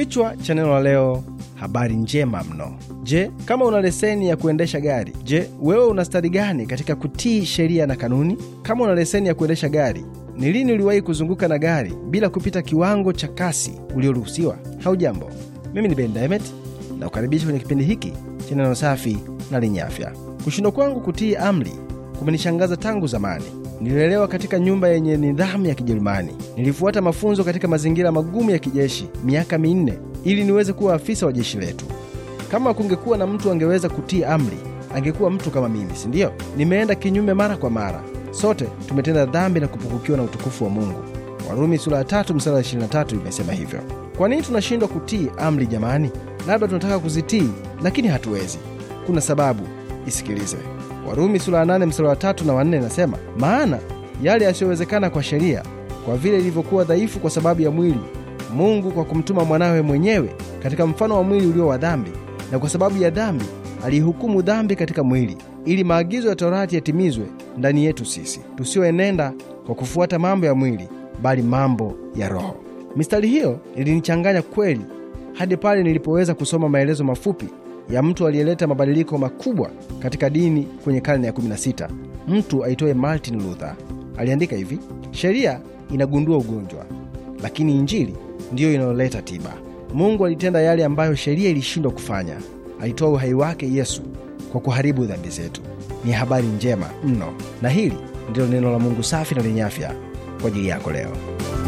Kichwa cha neno la leo: habari njema mno. Je, kama una leseni ya kuendesha gari, je, wewe una stadi gani katika kutii sheria na kanuni? Kama una leseni ya kuendesha gari, ni lini uliwahi kuzunguka na gari bila kupita kiwango cha kasi ulioruhusiwa? Haujambo, mimi ni Ben Dimet na kukaribisha kwenye kipindi hiki cha neno safi na lenye afya. Kushindwa kwangu kutii amri kumenishangaza tangu zamani. Nililelewa katika nyumba yenye nidhamu ya Kijerumani. Nilifuata mafunzo katika mazingira magumu ya kijeshi miaka minne ili niweze kuwa afisa wa jeshi letu. Kama kungekuwa na mtu angeweza kutii amri, angekuwa mtu kama mimi, si Nimeenda kinyume mara kwa mara. Sote tumetenda dhambi na kupukukiwa na utukufu wa Mungu. Warumi sura ya tatu mstari wa tatu imesema hivyo. Kwa nini tunashindwa kutii amri jamani? Labda tunataka kuzitii lakini hatuwezi. Kuna sababu, isikilize. Warumi sura ya nane mstari wa tatu na wanne inasema, maana yale yasiyowezekana kwa sheria, kwa vile ilivyokuwa dhaifu kwa sababu ya mwili, Mungu kwa kumtuma mwanawe mwenyewe katika mfano wa mwili ulio wa dhambi, na kwa sababu ya dhambi aliihukumu dhambi katika mwili, ili maagizo ya Torati yatimizwe ndani yetu sisi tusiyoenenda kwa kufuata mambo ya mwili, bali mambo ya Roho. Mistari hiyo ilinichanganya kweli hadi pale nilipoweza kusoma maelezo mafupi ya mtu aliyeleta mabadiliko makubwa katika dini kwenye karne ya 16, mtu aitoye Martin Luther aliandika hivi: sheria inagundua ugonjwa, lakini Injili ndiyo inayoleta tiba. Mungu alitenda yale ambayo sheria ilishindwa kufanya. Alitoa uhai wake Yesu kwa kuharibu dhambi zetu. Ni habari njema mno, na hili ndilo neno la Mungu safi na lenye afya kwa ajili yako leo.